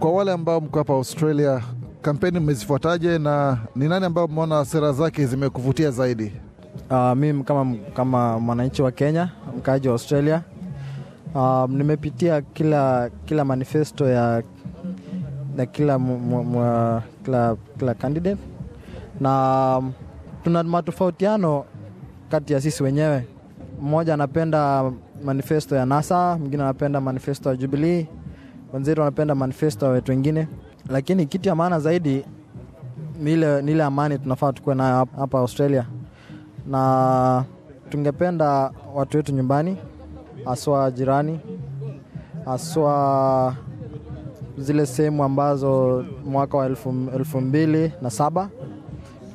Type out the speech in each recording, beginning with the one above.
kwa wale ambao mko hapa Australia, kampeni mmezifuataje na ni nani ambao mmeona sera zake zimekuvutia zaidi? Uh, mimi kama, kama mwananchi wa Kenya, mkaaji wa Australia, uh, nimepitia kila, kila manifesto ya, ya kila, kila, kila candidate na tuna matofautiano kati ya sisi wenyewe. Mmoja anapenda manifesto ya NASA, mwingine anapenda manifesto ya Jubilee wenzetu wanapenda manifesto ya watu wengine, lakini kitu ya maana zaidi ni ile amani tunafaa tukuwe nayo hapa Australia, na tungependa watu wetu nyumbani, haswa jirani, haswa zile sehemu ambazo mwaka wa elfu, elfu mbili na saba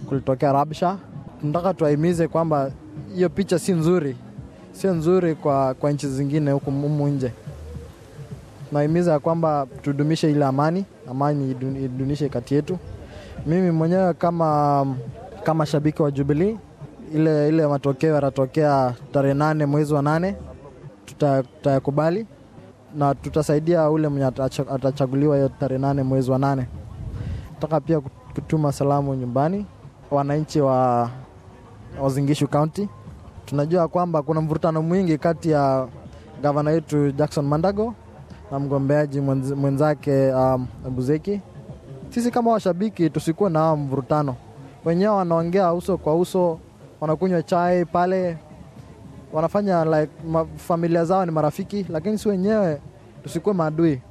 kulitokea rabsha. Tunataka tuwahimize kwamba hiyo picha si nzuri, sio nzuri kwa, kwa nchi zingine huku mumu nje tunahimiza ya kwamba tudumishe ile amani, amani idunishe kati yetu. Mimi mwenyewe kama, kama shabiki wa jubili ile, ile matokeo yatatokea tarehe nane mwezi wa nane tutayakubali, tuta na tutasaidia ule mwenye atachaguliwa hiyo tarehe nane mwezi wa nane. Nataka pia kutuma salamu nyumbani wananchi wa Wazingishu Kaunti. Tunajua kwamba kuna mvurutano mwingi kati ya gavana yetu Jackson Mandago na mgombeaji mwenzake um, Buzeki. Sisi kama washabiki tusikuwe na mvurutano, wenyewe wanaongea uso kwa uso, wanakunywa chai pale, wanafanya like familia zao ni marafiki, lakini si wenyewe tusikuwe maadui.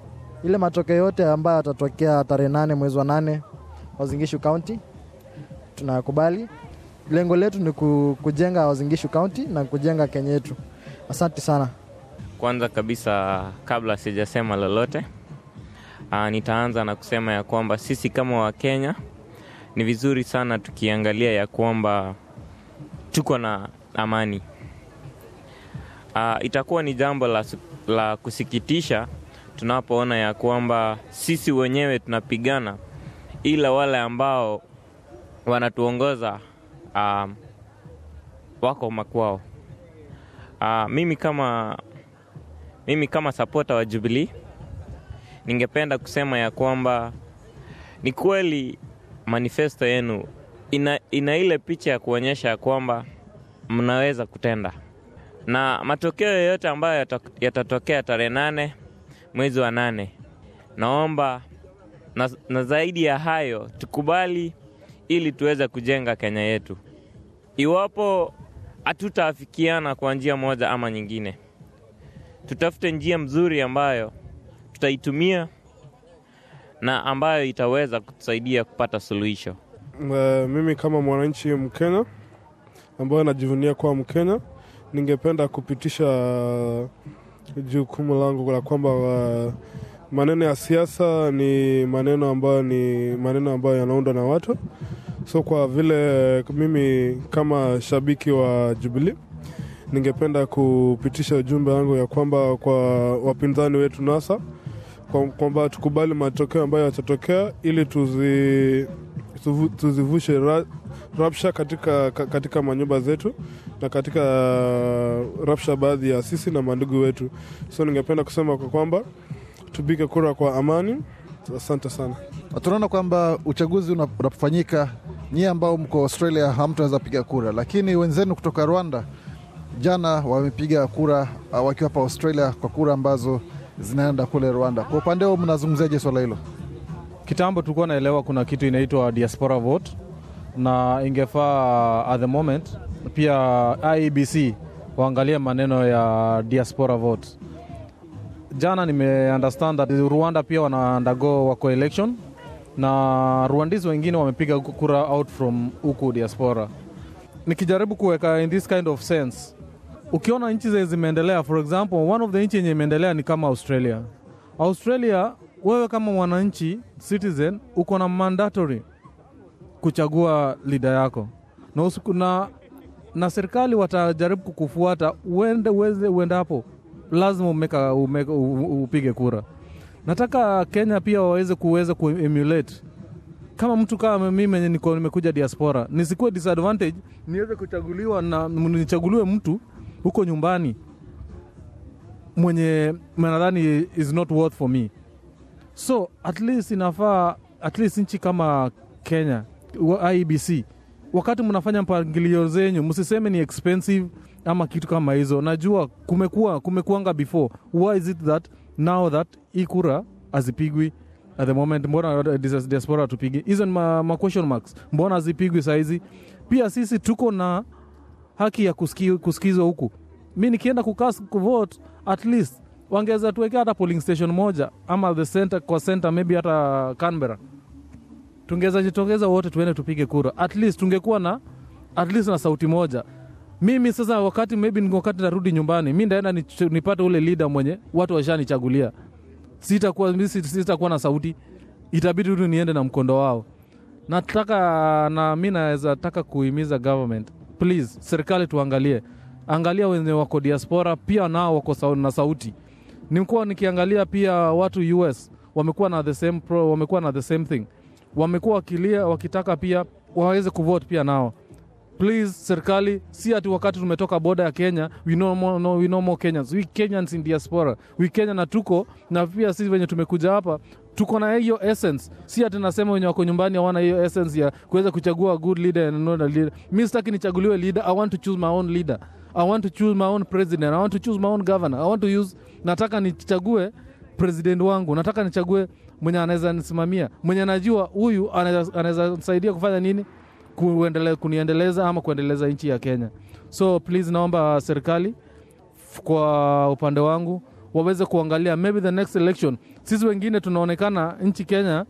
Ile matokeo yote ambayo yatatokea tarehe nane mwezi wa nane Wazingishu County tunakubali. Lengo letu ni kujenga Wazingishu County na kujenga Kenya yetu. Asante sana. Kwanza kabisa kabla sijasema lolote, Aa, ah, nitaanza na kusema ya kwamba sisi kama Wakenya ni vizuri sana tukiangalia ya kwamba tuko na amani. Aa, ah, itakuwa ni jambo la, la kusikitisha tunapoona ya kwamba sisi wenyewe tunapigana, ila wale ambao wanatuongoza uh, wako makwao. Uh, mimi kama mimi kama sapota wa jubilii ningependa kusema ya kwamba ni kweli manifesto yenu ina, ina ile picha ya kuonyesha ya kwamba mnaweza kutenda, na matokeo yoyote ambayo yatatokea tarehe nane mwezi wa nane, naomba na, na zaidi ya hayo tukubali ili tuweze kujenga Kenya yetu. Iwapo hatutaafikiana kwa njia moja ama nyingine tutafute njia mzuri ambayo tutaitumia na ambayo itaweza kutusaidia kupata suluhisho. Uh, mimi kama mwananchi Mkenya ambayo najivunia kuwa Mkenya, ningependa kupitisha eh, jukumu langu la kwamba uh, maneno ya siasa ni maneno ambayo ni maneno ambayo yanaundwa na watu. So kwa vile mimi kama shabiki wa Jubilee ningependa kupitisha ujumbe wangu ya kwamba kwa wapinzani wetu NASA kwamba tukubali matokeo ambayo yatatokea ili tuzi, tuzivushe ra, rapsha katika, katika manyumba zetu na katika uh, rapsha baadhi ya sisi na mandugu wetu. So ningependa kusema kwa kwamba tupige kura kwa amani. Asante sana. Tunaona kwamba uchaguzi unapofanyika, nyie ambao mko Australia hamtaweza piga kura, lakini wenzenu kutoka Rwanda jana wamepiga kura uh, wakiwa hapa Australia kwa kura ambazo zinaenda kule Rwanda. Kwa upande huo, mnazungumziaje swala hilo? Kitambo tulikuwa naelewa kuna kitu inaitwa diaspora vote na ingefaa uh, at the moment pia uh, IEBC waangalie maneno ya diaspora vote. Jana nimeunderstand that Rwanda pia wana undergo wako election na Rwandese wengine wamepiga kura out from huku diaspora. Nikijaribu kuweka in this kind of sense, ukiona nchi zenye zimeendelea, for example, one of the nchi yenye imeendelea ni kama Australia. Australia, wewe kama mwananchi citizen uko na mandatory kuchagua lida yako na, usiku, na, na serikali watajaribu kukufuata uende uweze uendapo, lazima umeka, umeka, upige kura. Nataka Kenya pia waweze kuweza kuemulate kama mtu kama mimi niko nimekuja diaspora, nisikuwe disadvantage, niweze kuchaguliwa na nichaguliwe mtu huko nyumbani mwenye nadhani is not worth for me so at least inafaa at least nchi kama kenya ibc wakati mnafanya mpangilio zenyu msiseme ni expensive ama kitu kama hizo najua kumekua kumekuanga before why is it that now that hii kura hazipigwi at the moment mbona diaspora tupigi hizo ni ma, ma question marks mbona hazipigwi saizi pia sisi tuko na haki ya kusikizwa huku. Mi nikienda kukas kuvote, at least wangeweza tuwekea hata polling station moja ama the center, kwa center maybe hata Canberra, tungeweza jitokeza wote tuende tupige kura, at least tungekuwa na at least na sauti moja. Mimi sasa wakati maybe wakati narudi nyumbani, mi ndaenda nipate ule leader mwenye watu washanichagulia, sitakuwa sitakuwa na sauti, itabidi tu niende na mkondo wao. Nataka na mi naweza taka kuhimiza government please, serikali tuangalie, angalia wenye wako diaspora pia nao wako na sauti. Nimekuwa nikiangalia pia watu US wamekuwa na the same pro, wamekuwa na the same thing, wamekuwa wakilia wakitaka pia waweze kuvote pia nao please serikali, si ati wakati tumetoka boda ya Kenya, we know more, no, we know more Kenyans, we Kenyans in diaspora, we Kenya na tuko na pia sisi wenye tumekuja hapa tuko na hiyo essence, si ati nasema wenye wako nyumbani hawana hiyo essence ya kuweza kuchagua good leader and another leader. Mi sitaki nichaguliwe leader, I want to choose my own leader, I want to choose my own president, I want to choose my own governor, I want to use, nataka nichague president wangu, nataka nichague mwenye anaweza nisimamia, mwenye anajua huyu anaweza nisaidia kufanya nini, kuendele, kuniendeleza ama kuendeleza nchi ya Kenya. So please, naomba serikali kwa upande wangu waweze kuangalia maybe the next election. Sisi wengine tunaonekana nchi Kenya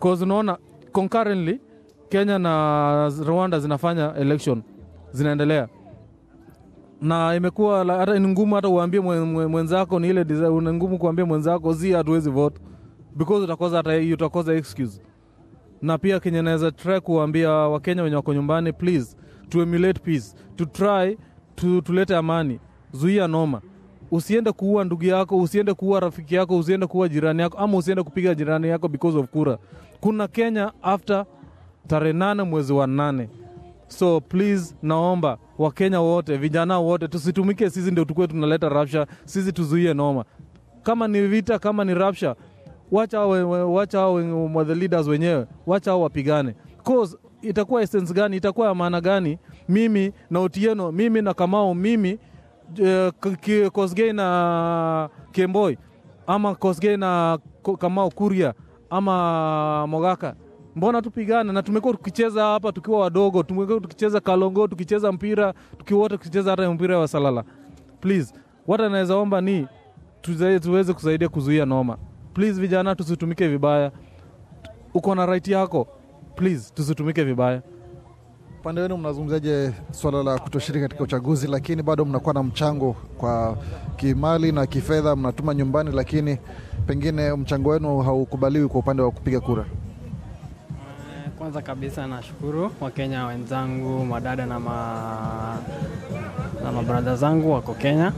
cause unaona concurrently Kenya na Rwanda zinafanya election zinaendelea na imekuwa hata ni ngumu hata uambie mwenzako ni ile ni ngumu kuambia mwenzako zi hatuwezi vote because utakosa hata hiyo, utakosa excuse. Na pia Kenya naweza try kuambia Wakenya wenye wako nyumbani, please to emulate peace, to try to tulete amani, zuia noma usiende kuua ndugu yako, usiende kuua rafiki yako, usiende kuua jirani yako, ama usiende kupiga jirani yako because of kura. Kuna Kenya after tarehe nane mwezi wa nane. So please, naomba Wakenya wote, vijana wote, tusitumike sisi ndio tukuwe tunaleta rapsha, sisi tuzuie noma. Kama ni vita, kama ni rapsha, wacha wacha the leaders wenyewe, wacha hao wapigane cause itakuwa essence gani? Itakuwa ya maana gani? Mimi na Otieno, mimi na Kamau, mimi Eh, Kosgei na Kemboi ama Kosgei na Kamau Kuria ama Mogaka, mbona tupigane? Na tumekuwa tukicheza hapa tukiwa wadogo, tumekuwa tukicheza kalongo, tukicheza mpira tukiwote, tukicheza hata mpira wa salala. Please, wata anaweza omba ni tuweze kusaidia kuzuia noma. Please vijana, tusitumike vibaya. Uko na right yako, please tusitumike vibaya upande wenu mnazungumzaje suala la kutoshiriki katika uchaguzi, lakini bado mnakuwa na mchango kwa kimali na kifedha, mnatuma nyumbani, lakini pengine mchango wenu haukubaliwi kwa upande wa kupiga kura? Kwanza kabisa nashukuru Wakenya wenzangu, madada na, ma... na mabradha zangu wako Kenya,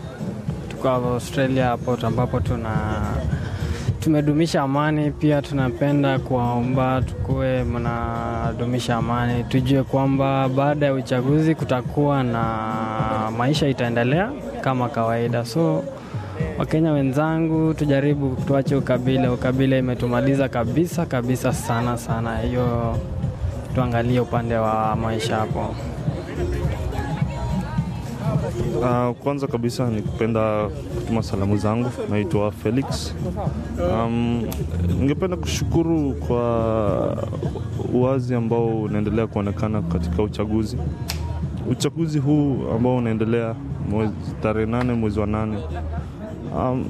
tuko Australia hapo ambapo tuna tumedumisha amani, pia tunapenda kuwaomba tukuwe mnadumisha amani, tujue kwamba baada ya uchaguzi kutakuwa na maisha itaendelea kama kawaida. So Wakenya wenzangu, tujaribu tuache ukabila. Ukabila imetumaliza kabisa kabisa, sana sana. Hiyo tuangalie upande wa maisha hapo. Uh, kwanza kabisa ni kupenda kutuma salamu zangu, naitwa Felix. Um, ningependa kushukuru kwa uwazi ambao unaendelea kuonekana katika uchaguzi uchaguzi huu ambao unaendelea tarehe nane mwezi wa nane. Um,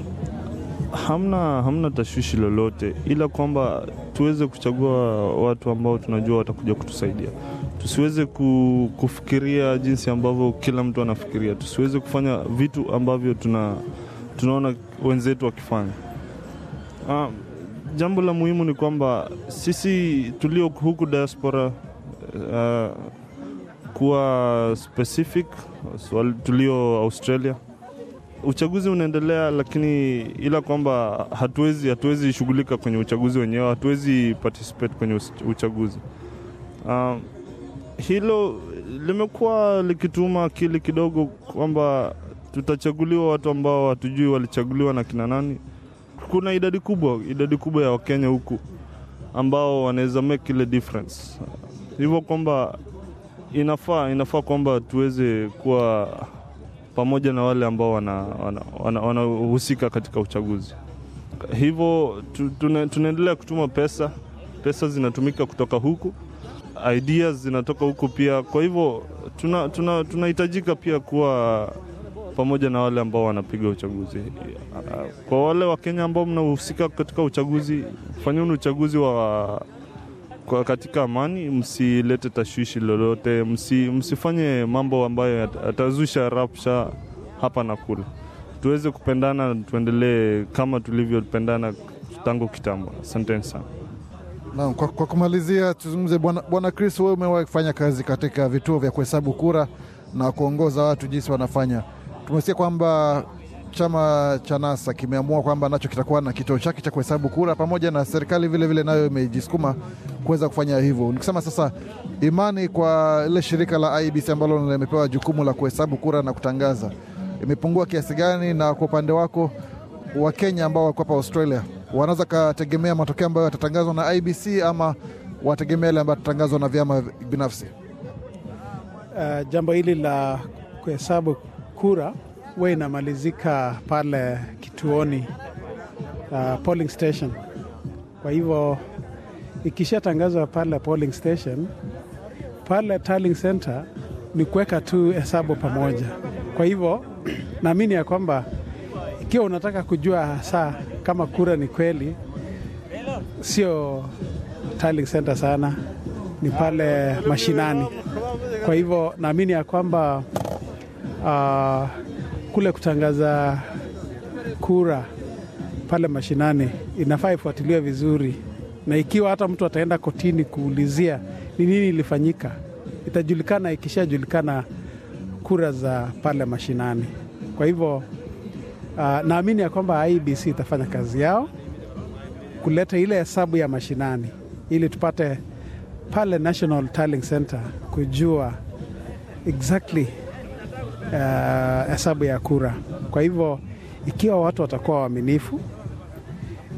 hamna, hamna tashwishi lolote ila kwamba tuweze kuchagua watu ambao tunajua watakuja kutusaidia. Tusiweze kufikiria jinsi ambavyo kila mtu anafikiria. Tusiweze kufanya vitu ambavyo tuna, tunaona wenzetu wakifanya. Uh, jambo la muhimu ni kwamba sisi tulio huku diaspora uh, kuwa specific tulio Australia. Uchaguzi unaendelea, lakini ila kwamba hatuwezi hatuwezi shughulika kwenye uchaguzi wenyewe, hatuwezi participate kwenye uchaguzi um, hilo limekuwa likituma akili kidogo kwamba tutachaguliwa watu ambao hatujui walichaguliwa na kina nani. Kuna idadi kubwa, idadi kubwa ya Wakenya huku ambao wanaweza make ile difference, hivyo kwamba inafaa inafaa kwamba tuweze kuwa pamoja na wale ambao wanahusika wana, wana, wana katika uchaguzi. Hivyo tunaendelea tune, kutuma pesa, pesa zinatumika kutoka huku ideas zinatoka huko pia. Kwa hivyo tunahitajika tuna, tuna pia kuwa pamoja na wale ambao wanapiga uchaguzi. Kwa wale Wakenya ambao mnahusika katika uchaguzi, fanyeni uchaguzi wa kwa katika amani, msilete tashwishi lolote, msi, msifanye mambo ambayo yatazusha rapsha hapa na kule. Tuweze kupendana, tuendelee kama tulivyopendana tangu kitambo. Asanteni sana. Na, kwa, kwa kumalizia tuzungumze bwana, bwana Chris, wewe umewahi kufanya kazi katika vituo vya kuhesabu kura na kuongoza watu jinsi wanafanya. Tumesikia kwamba chama cha NASA kimeamua kwamba nacho kitakuwa na kituo chake cha kuhesabu kura, pamoja na serikali vilevile nayo imejisukuma kuweza kufanya hivyo. Nikisema sasa, imani kwa ile shirika la ibc ambalo limepewa jukumu la kuhesabu kura na kutangaza imepungua kiasi gani? Na kwa upande wako Wakenya ambao wako hapa Australia wanaweza kategemea matokeo ambayo yatatangazwa na IBC ama wategemea yale ambayo yatatangazwa na vyama binafsi? Uh, jambo hili la kuhesabu kura huwa inamalizika pale kituoni, uh, polling station. Kwa hivyo ikishatangazwa pale polling station, pale tallying center ni kuweka tu hesabu pamoja. Kwa hivyo naamini ya kwamba ikiwa unataka kujua hasa kama kura ni kweli, sio tallying center sana, ni pale mashinani. Kwa hivyo naamini ya kwamba uh, kule kutangaza kura pale mashinani inafaa ifuatiliwe vizuri, na ikiwa hata mtu ataenda kotini kuulizia ni nini ilifanyika, itajulikana ikishajulikana kura za pale mashinani. Kwa hivyo Uh, naamini ya kwamba IBC itafanya kazi yao kuleta ile hesabu ya mashinani ili tupate pale National Tiling Center kujua exactly ah, hesabu uh, ya kura. Kwa hivyo ikiwa watu watakuwa waaminifu,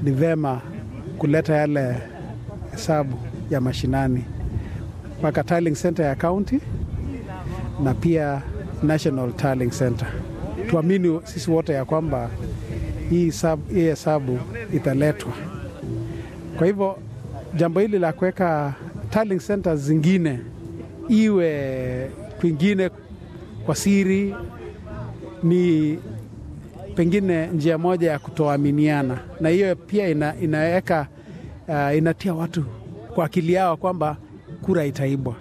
ni vema kuleta yale hesabu ya mashinani mpaka Tiling Center ya county na pia National Tiling Center tuamini sisi wote ya kwamba hii hesabu italetwa. Kwa hivyo jambo hili la kuweka tallying centers zingine iwe kwingine kwa siri ni pengine njia moja ya kutoaminiana, na hiyo pia ina, inaweka uh, inatia watu kwa akili yao kwamba kura itaibwa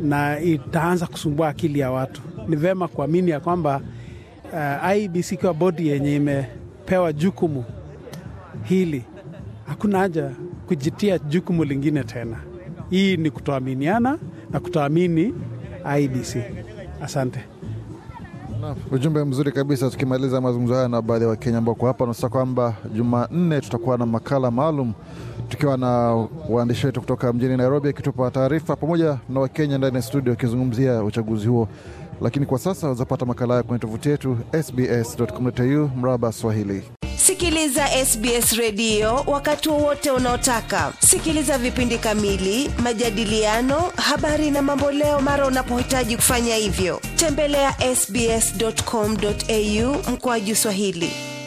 na itaanza kusumbua akili ya watu ni vema kuamini ya kwamba uh, IBC ikiwa bodi yenye imepewa jukumu hili, hakuna haja kujitia jukumu lingine tena. Hii ni kutoaminiana na kutoamini IBC. Asante. ujumbe mzuri kabisa. Tukimaliza mazungumzo haya na baadhi ya Wakenya ambao hapa nasa kwamba Jumanne tutakuwa na makala maalum tukiwa na waandishi wetu kutoka mjini Nairobi akitupa taarifa pamoja na Wakenya ndani ya studio wakizungumzia uchaguzi huo lakini kwa sasa wazapata makala haya kwenye tovuti yetu sbscu mraba Swahili. Sikiliza SBS redio wakati wowote unaotaka. Sikiliza vipindi kamili, majadiliano, habari na mamboleo mara unapohitaji kufanya hivyo. Tembelea ya sbs.com.au mkoaji Swahili.